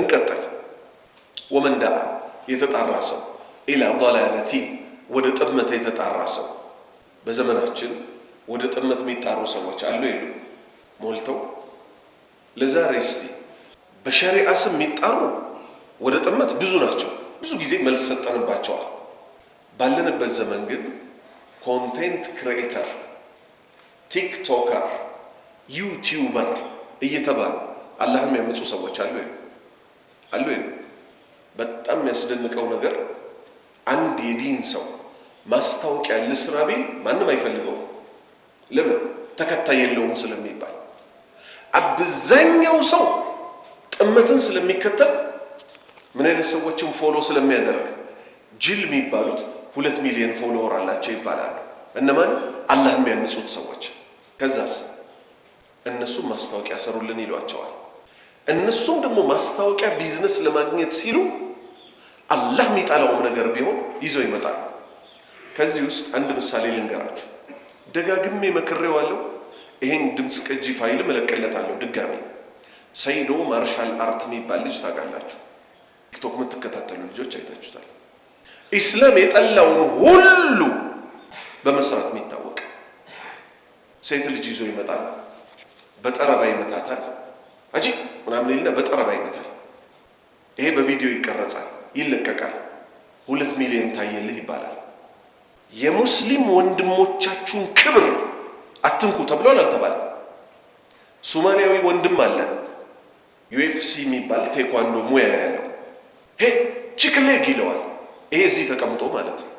እንቀጥል። ወመን ዳዓ የተጣራ ሰው ኢላ ضላለቲ ወደ ጥመት የተጣራ ሰው። በዘመናችን ወደ ጥመት የሚጣሩ ሰዎች አሉ የሉ? ሞልተው ለዛሬ እስቲ በሸሪዓ ስም የሚጣሩ ወደ ጥመት ብዙ ናቸው። ብዙ ጊዜ መልስ ሰጠንባቸዋል። ባለንበት ዘመን ግን ኮንቴንት ክሪኤተር፣ ቲክቶከር፣ ዩቲዩበር እየተባሉ አላህም ያመፁ ሰዎች አሉ። አሉ። በጣም የሚያስደንቀው ነገር አንድ የዲን ሰው ማስታወቂያ ልስራ ቢል ማንም አይፈልገውም። ለምን? ተከታይ የለውም ስለሚባል አብዛኛው ሰው ጥመትን ስለሚከተል ምን አይነት ሰዎችን ፎሎ ስለሚያደርግ ጅል የሚባሉት ሁለት ሚሊዮን ፎሎወር አላቸው ይባላሉ። እነማን? አላህ የሚያንጹት ሰዎች። ከዛስ እነሱ ማስታወቂያ ሰሩልን ይሏቸዋል። እነሱም ደግሞ ማስታወቂያ ቢዝነስ ለማግኘት ሲሉ አላህ የሚጠላውም ነገር ቢሆን ይዘው ይመጣል። ከዚህ ውስጥ አንድ ምሳሌ ልንገራችሁ። ደጋግሜ መክሬዋለሁ። ይሄን ድምፅ ቅጂ ፋይል እለቅለታለሁ ድጋሜ። ሰይዶ ማርሻል አርት የሚባል ልጅ ታውቃላችሁ? ቲክቶክ የምትከታተሉ ልጆች አይታችሁታል። ኢስላም የጠላውን ሁሉ በመስራት የሚታወቅ ሴት ልጅ ይዞ ይመጣል፣ በጠረባ ይመታታል። አጂ ምናምን የለ በጠረብ አይነታል። ይሄ በቪዲዮ ይቀረጻል፣ ይለቀቃል። ሁለት ሚሊዮን ታየልህ ይባላል። የሙስሊም ወንድሞቻችሁን ክብር አትንኩ ተብሏል አልተባለ። ሶማሊያዊ ወንድም አለ ዩኤፍሲ የሚባል ቴኳንዶ ሙያ ያለው ሄ ቺክሌግ ይለዋል። ይሄ እዚህ ተቀምጦ ማለት ነው።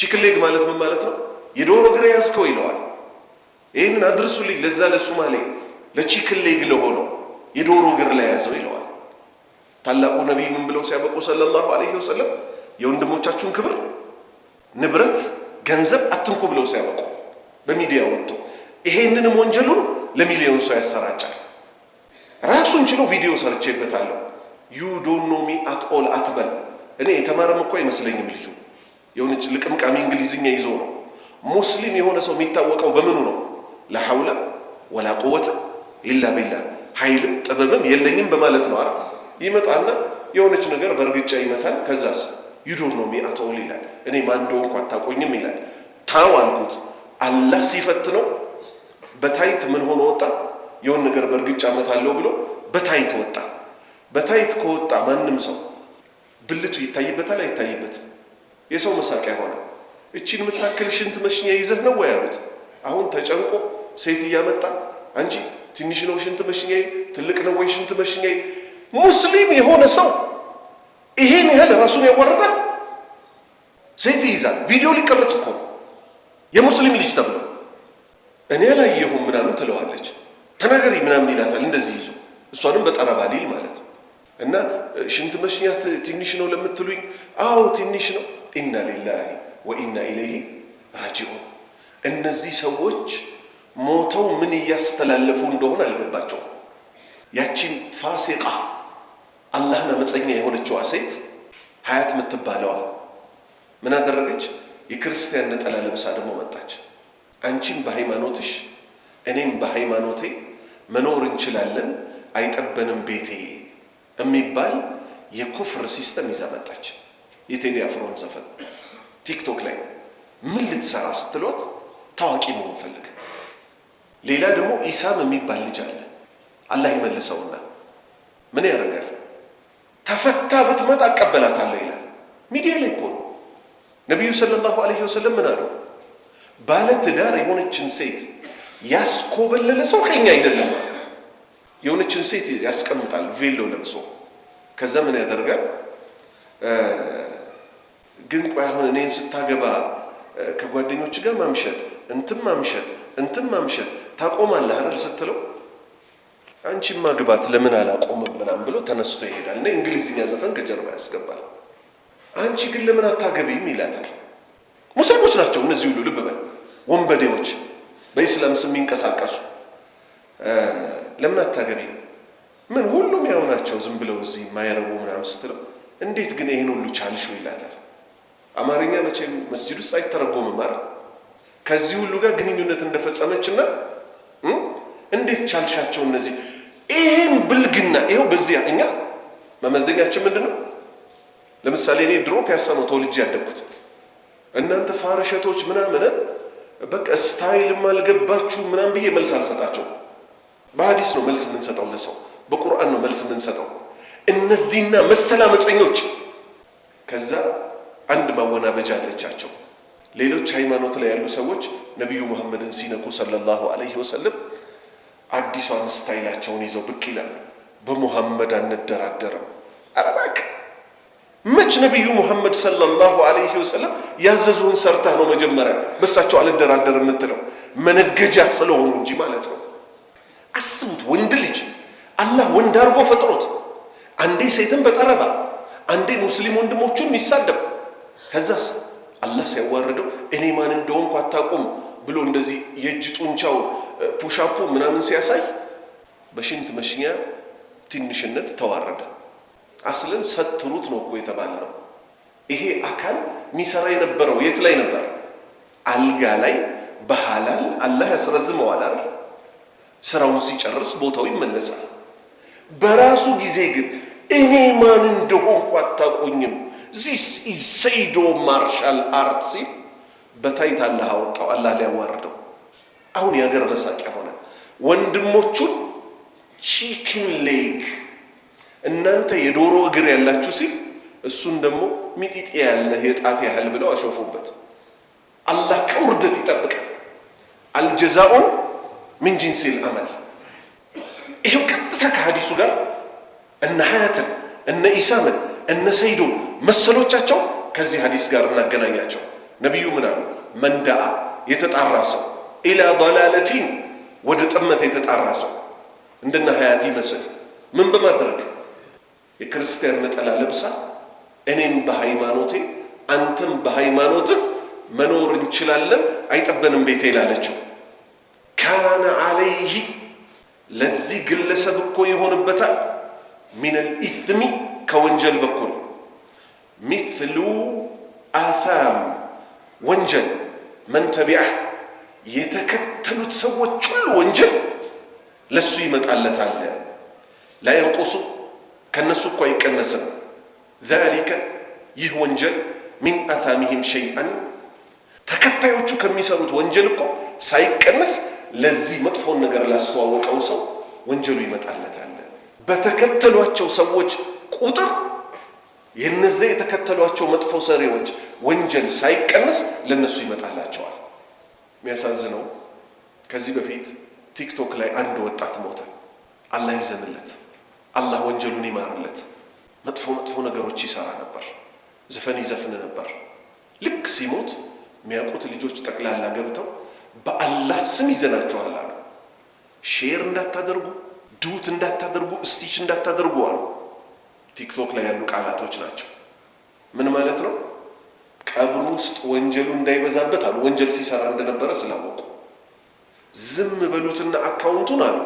ቺክሌግ ማለት ምን ማለት ነው? የዶሮ ግራ ያዝከው ይለዋል። ይህንን አድርሱልኝ ለዛ ለሶማሌ ለቺክሌግ ለሆነው የዶሮ እግር ላይ ያዘው ይለዋል። ታላቁ ነቢይ ምን ብለው ሲያበቁ ሰለላሁ ዐለይሂ ወሰለም የወንድሞቻችሁን ክብር፣ ንብረት፣ ገንዘብ አትንኩ ብለው ሲያበቁ በሚዲያ ወጥቶ ይሄንንም ወንጀሉን ለሚሊዮን ሰው ያሰራጫል። ራሱን ችሎ ቪዲዮ ሰርቼበታለሁ። ዩ ዶንት ኖ ሚ አት ኦል አትበል። እኔ የተማረም እኮ አይመስለኝም። ልጁ የሆነች ልቅምቃሚ እንግሊዝኛ ይዞ ነው። ሙስሊም የሆነ ሰው የሚታወቀው በምኑ ነው? ላ ወላ ቁወተ ኢላ ቢላህ ኃይልም ጥበብም የለኝም በማለት ነው። ይመጣና የሆነች ነገር በእርግጫ ይመታል። ከዛስ ዩዶር ነው ሚአቶል ይላል። እኔ ማን እንደሆንኩ ይላል። ታው አልኩት። አላህ ሲፈት ነው በታይት ምን ሆኖ ወጣ? የሆነ ነገር በእርግጫ እመታለሁ ብሎ በታይት ወጣ። በታይት ከወጣ ማንም ሰው ብልቱ ይታይበታል አይታይበትም? የሰው መሳቂያ ሆነ። እቺን የምታክል ሽንት መሽኛ ይዘህ ነው ወይ አሉት። አሁን ተጨንቆ ሴት እያመጣ አንቺ ትንሽ ነው ሽንት መሽኛዬ፣ ትልቅ ነው ወይ ሽንት መሽኛዬ። ሙስሊም የሆነ ሰው ይሄን ያህል ራሱን ያዋርዳል። ሴት ይይዛል። ቪዲዮ ሊቀረጽ እኮ የሙስሊም ልጅ ተብሎ እኔ አላየሁም ምናምን ትለዋለች። ተናገሪ ምናምን ይላታል። እንደዚህ ይዞ እሷንም በጠረባ ሊል ማለት ነው። እና ሽንት መሽኛት ትንሽ ነው ለምትሉኝ፣ አዎ ትንሽ ነው። ኢና ሊላሂ ወኢና ኢለይሂ ራጂዑን እነዚህ ሰዎች ሞተው ምን እያስተላለፉ እንደሆነ አልገባቸውም። ያቺን ፋሲቃ አላህን አመፀኛ የሆነችዋ ሴት ሀያት የምትባለዋ ምን አደረገች? የክርስቲያን ነጠላ ለብሳ ደግሞ መጣች። አንቺም በሃይማኖትሽ እኔም በሃይማኖቴ መኖር እንችላለን፣ አይጠበንም ቤቴ የሚባል የኩፍር ሲስተም ይዛ መጣች። የቴዲ አፍሮን ዘፈን ቲክቶክ ላይ ምን ልትሰራ ስትሎት ታዋቂ መሆን ፈልግ ሌላ ደግሞ ኢሳም የሚባል ልጅ አለ። አላህ ይመልሰውና ምን ያደርጋል? ተፈታ ብትመጣ እቀበላታለሁ ይላል። ሚዲያ ላይ እኮ ነው። ነቢዩ ሰለላሁ ዐለይሂ ወሰለም ምን አለው? ባለ ትዳር የሆነችን ሴት ያስኮበለለ ሰው ከኛ አይደለም። የሆነችን ሴት ያስቀምጣል ቬሎ ለብሶ። ከዛ ምን ያደርጋል? ግን ቆይ አሁን እኔን ስታገባ ከጓደኞች ጋር ማምሸት፣ እንትም ማምሸት፣ እንትም ማምሸት ታቆማለህ አይደል ስትለው አንቺማ ግባት ለምን አላቆምም ምናምን ብሎ ተነስቶ ይሄዳል እና እንግሊዝኛ ዘፈን ከጀርባ ያስገባል። አንቺ ግን ለምን አታገቢም ይላታል። ሙስሊሞች ናቸው እነዚህ ሁሉ ልብ በል ወንበዴዎች፣ በኢስላም ስም የሚንቀሳቀሱ ለምን አታገቢም ምን ሁሉም ያው ናቸው ዝም ብለው እዚህ የማይረቡ ምናምን ስትለው እንዴት ግን ይህን ሁሉ ቻልሹ ይላታል። አማርኛ መቼም መስጂድ ውስጥ አይተረጎምም አይደል ከዚህ ሁሉ ጋር ግንኙነት እንደፈጸመች እና እንዴት ቻልሻቸው? እነዚህ ይህን ብልግና ይኸው በዚያ እኛ መመዘኛችን ምንድን ነው? ለምሳሌ እኔ ድሮ ፒያሳ ነው ተወልጄ ያደግኩት። እናንተ ፋርሸቶች ምናምን በቃ ስታይልም አልገባችሁ ምናምን ብዬ መልስ አልሰጣቸው። በሀዲስ ነው መልስ የምንሰጠው ለሰው፣ በቁርአን ነው መልስ የምንሰጠው። እነዚህና መሰል አመፀኞች ከዛ አንድ ማወናበጃ አለቻቸው። ሌሎች ሃይማኖት ላይ ያሉ ሰዎች ነቢዩ መሐመድን ሲነኩ ሰለላሁ አለይህ ወሰለም አዲሷን ስታይላቸውን ይዘው ብቅ ይላሉ። በሙሐመድ አንደራደርም። ኧረ እባክህ መች ነቢዩ ሙሐመድ ሰለላሁ አለይሂ ወሰለም ያዘዙህን ሰርተህ ነው መጀመሪያ በሳቸው አልደራደር የምትለው መነገጃ ስለሆኑ እንጂ ማለት ነው። አስቡት፣ ወንድ ልጅ አላህ ወንድ አድርጎ ፈጥሮት አንዴ ሴትን በጠረባ አንዴ ሙስሊም ወንድሞቹን ይሳደብ፣ ከዛስ አላህ ሲያዋርደው እኔ ማን እንደሆንኩ አታውቁም ብሎ እንደዚህ የእጅ ጡንቻውን ፑሻፑ ምናምን ሲያሳይ በሽንት መሽኛ ትንሽነት ተዋረደ። አስለን ሰትሩት ነው እኮ ነው። ይሄ አካል ሚሰራ የነበረው የት ላይ ነበር? አልጋ ላይ በሃላል አላህ ያስረዝመዋል አይደል? ስራውን ሲጨርስ ቦታው ይመለሳል። በራሱ ጊዜ ግን እኔ ማን እንደሆንኩ አታቆኝም፣ ዚስ ኢዝ ሰይዶ ማርሻል አርት ሲል በታይት አላህ አወጣው። አላህ ሊያዋርደው አሁን የሀገር መሳቂያ ሆነ። ወንድሞቹን ቺክን ሌግ እናንተ የዶሮ እግር ያላችሁ ሲል እሱን ደግሞ ሚጢጤ ያለ የጣት ያህል ብለው አሾፉበት። አላህ ከውርደት ይጠብቃል። አልጀዛኡን ምን ጂንሲል አመል ይሄው ቀጥታ ከሀዲሱ ጋር እነ ሀያትን እነ ኢሳምን እነ ሰይዶ መሰሎቻቸው ከዚህ ሀዲስ ጋር እናገናኛቸው። ነቢዩ ምን አሉ? መንዳአ የተጣራ ሰው ኢላ ዶላለቲን ወደ ጥመት የተጣራ ሰው እንደነ ሀያት ይመስል ምን በማድረግ የክርስቲያን ነጠላ ለብሳ እኔም በሃይማኖቴ አንተም በሃይማኖትህ መኖር እንችላለን አይጠበንም ቤቴ ይላለችው። ካነ አለይህ ለዚህ ግለሰብ እኮ ይሆንበታል ሚነል ኢትሚ ከወንጀል በኩል ሚስሉ አታም ወንጀል መን የተከተሉት ሰዎች ሁሉ ወንጀል ለሱ ይመጣለታል። ላየንቆሱ ከነሱ እኮ አይቀነስም። ዛሊከ ይህ ወንጀል ሚን አታሚሂም ሸይአን ተከታዮቹ ከሚሰሩት ወንጀል እኮ ሳይቀነስ ለዚህ መጥፎን ነገር ላስተዋወቀው ሰው ወንጀሉ ይመጣለታል። በተከተሏቸው ሰዎች ቁጥር የነዚያ የተከተሏቸው መጥፎ ሰሪዎች ወንጀል ሳይቀነስ ለነሱ ይመጣላቸዋል። የሚያሳዝነው ከዚህ በፊት ቲክቶክ ላይ አንድ ወጣት ሞተ። አላህ ይዘንለት፣ አላህ ወንጀሉን ይማርለት። መጥፎ መጥፎ ነገሮች ይሰራ ነበር፣ ዘፈን ይዘፍን ነበር። ልክ ሲሞት የሚያውቁት ልጆች ጠቅላላ ገብተው በአላህ ስም ይዘናችኋል አሉ። ሼር እንዳታደርጉ፣ ዱት እንዳታደርጉ፣ እስቲች እንዳታደርጉ አሉ። ቲክቶክ ላይ ያሉ ቃላቶች ናቸው። ምን ማለት ነው? ቀብሩ ውስጥ ወንጀሉ እንዳይበዛበት አሉ። ወንጀል ሲሰራ እንደነበረ ስላወቁ ዝም በሉትና አካውንቱን አሉ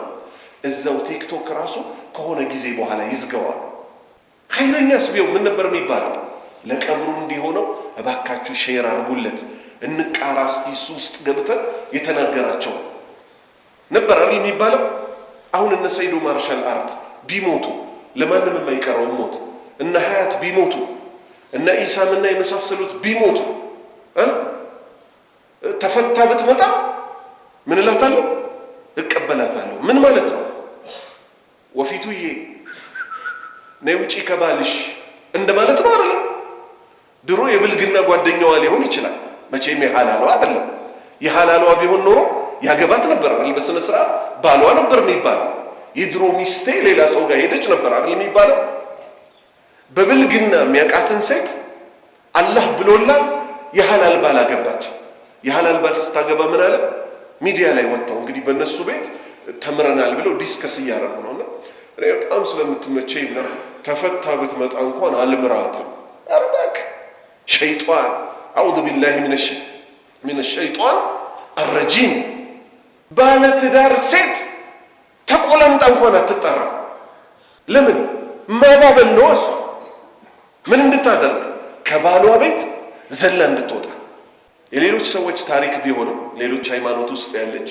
እዛው ቲክቶክ ራሱ ከሆነ ጊዜ በኋላ ይዝገዋል። ኸይረኛ ስቢው ምን ነበር የሚባለው? ለቀብሩ እንዲሆነው እባካችሁ ሼር አርጉለት እንቃራ እስቲ እሱ ውስጥ ገብተን የተናገራቸው ነበር አይደል የሚባለው። አሁን እነ ሰይዶ ማርሻል አርት ቢሞቱ ለማንም የማይቀረው ሞት እነ ሀያት ቢሞቱ እነ ኢሳምና የመሳሰሉት ቢሞቱ ተፈታ ብትመጣ ምን እላታለሁ? እቀበላታለሁ። ምን ማለት ነው? ወፊቱዬ ነይ ውጪ ከባልሽ እንደማለት ነው አይደለም። ድሮ የብልግና ጓደኛዋ ሊሆን ይችላል። መቼም የሃላሏ አይደለም። የሃላሏ ቢሆን ኖሮ ያገባት ነበር አይደል? በስነ ስርዓት ባሏ ነበር የሚባለው። የድሮ ሚስቴ ሌላ ሰው ጋር ሄደች ነበር አይደል የሚባለው በብልግና የሚያውቃትን ሴት አላህ ብሎላት የሐላል ባል አገባች። የሐላል ባል ስታገባ ምን አለ? ሚዲያ ላይ ወጥተው እንግዲህ በእነሱ ቤት ተምረናል ብለው ዲስከስ እያደረጉ ነው። እና እኔ በጣም ስለምትመቸኝ ብላ ተፈታ ብትመጣ እንኳን አልምራትም። ኧረ ሸይጧን፣ አዑዙ ቢላሂ ሚነ ሸይጧን አረጂም። ባለትዳር ሴት ተቆላምጣ እንኳን አትጠራ። ለምን ማባበል ነው እሷ ምን እንድታደርግ ከባሏ ቤት ዘላ እንድትወጣ የሌሎች ሰዎች ታሪክ ቢሆንም ሌሎች ሃይማኖት ውስጥ ያለች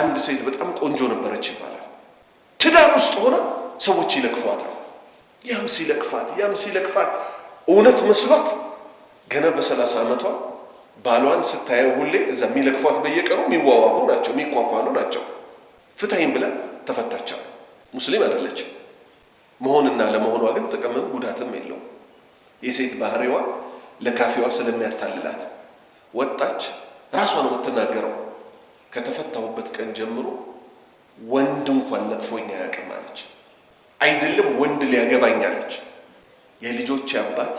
አንድ ሴት በጣም ቆንጆ ነበረች ይባላል። ትዳር ውስጥ ሆነ ሰዎች ይለክፏታል። ያም ሲለክፋት ያም ሲለክፋት እውነት መስሏት ገና በሰላሳ ዓመቷ ባሏን ስታየው ሁሌ እዛ የሚለክፏት በየቀኑ የሚዋዋቡ ናቸው፣ የሚኳኳሉ ናቸው። ፍትሐይም ብለን ተፈታቻል። ሙስሊም አይደለችም። መሆንና ለመሆኗ ግን ጥቅምም ጉዳትም የለውም። የሴት ባህሪዋ ለካፌዋ ስለሚያታልላት ወጣች። ራሷን የምትናገረው ከተፈታሁበት ቀን ጀምሮ ወንድ እንኳን ለቅፎኛ አያውቅም አለች። አይደለም ወንድ ሊያገባኝ አለች። የልጆች አባት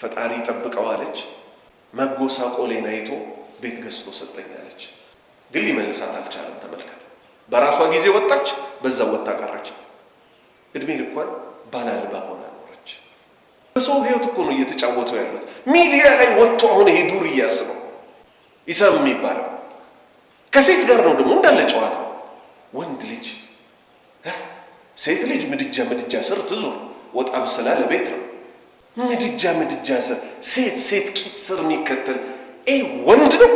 ፈጣሪ ጠብቀዋለች፣ አለች። መጎሳቆሌን አይቶ ቤት ገዝቶ ሰጠኝ አለች። ግን ሊመልሳት አልቻለም። ተመልከት። በራሷ ጊዜ ወጣች፣ በዛ ወጣ ቀረች። እድሜ ልኳን ባላልባ ሆናል። በሰው ህይወት እኮ ነው እየተጫወቱ ያሉት። ሚዲያ ላይ ወጥቶ አሁን ይሄ ዱር እያስበው ይሰብ የሚባለው ከሴት ጋር ነው ደግሞ እንዳለ ጨዋታ። ወንድ ልጅ ሴት ልጅ ምድጃ ምድጃ ስር ትዞር ወጣ ብስላ ለቤት ነው ምድጃ ምድጃ ስር ሴት ሴት ቂጥ ስር የሚከተል ይህ ወንድ ነው።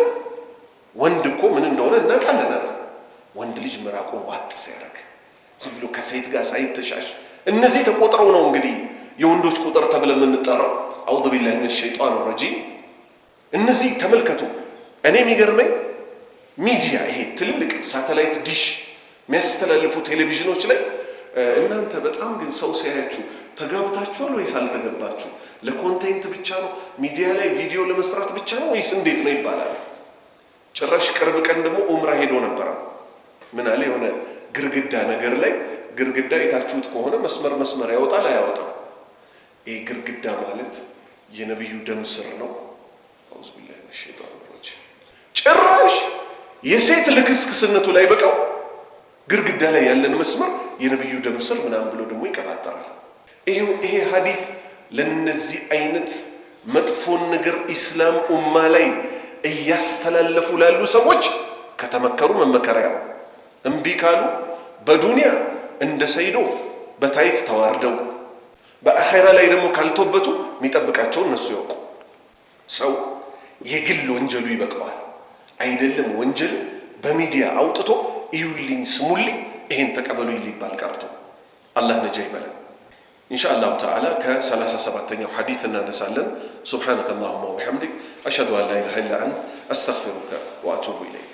ወንድ እኮ ምን እንደሆነ እናቃለናል። ወንድ ልጅ ምራቁን ዋጥ ሲያደርግ ዝም ብሎ ከሴት ጋር ሳይተሻሽ እነዚህ ተቆጥረው ነው እንግዲህ የወንዶች ቁጥር ተብለን የምንጠራው አውዝ ቢላሂ ሚነ ሸይጣን ረጂም። እነዚህ ተመልከቱ። እኔ የሚገርመኝ ሚዲያ ይሄ ትልልቅ ሳተላይት ዲሽ የሚያስተላልፉ ቴሌቪዥኖች ላይ እናንተ በጣም ግን ሰው ሲያያችሁ ተጋብታችኋል ወይስ አልተገባችሁ? ለኮንቴንት ብቻ ነው ሚዲያ ላይ ቪዲዮ ለመስራት ብቻ ነው ወይስ እንዴት ነው ይባላል። ጭራሽ ቅርብ ቀን ደግሞ ኡምራ ሄዶ ነበረ። ምን አለ የሆነ ግርግዳ ነገር ላይ ግርግዳ የታችሁት ከሆነ መስመር መስመር ያወጣል አያወጣም ይሄ ግድግዳ ማለት የነቢዩ ደም ስር ነው። አውዝብላ ሸጡ አምሮች ጭራሽ የሴት ልክስክስነቱ ላይ በቃው ግድግዳ ላይ ያለን መስመር የነቢዩ ደም ስር ምናምን ብሎ ደግሞ ይቀባጠራል። ይሄ ሀዲት ለነዚህ አይነት መጥፎን ነገር ኢስላም ኡማ ላይ እያስተላለፉ ላሉ ሰዎች ከተመከሩ መመከሪያ ነው። እምቢ ካሉ በዱንያ እንደ ሰይዶ በታይት ተዋርደው አኼራ ላይ ደግሞ ካልተወበቱ የሚጠብቃቸው እነሱ ያውቁ። ሰው የግል ወንጀሉ ይበቅለዋል። አይደለም ወንጀል በሚዲያ አውጥቶ እዩልኝ፣ ስሙልኝ፣ ይሄን ተቀበሉኝ ሊባል ቀርቶ አላህ ነጃ ይበለን። ኢንሻ ተዓላ ከሰላሳ ሰባተኛው ሐዲት እናነሳለን። ሱብሓነከ አላሁማ ወቢሐምዲክ አሽሀዱ አን ላ ኢላሃ ኢላ አንተ አስተግፊሩከ ወአቱቡ ኢለይክ።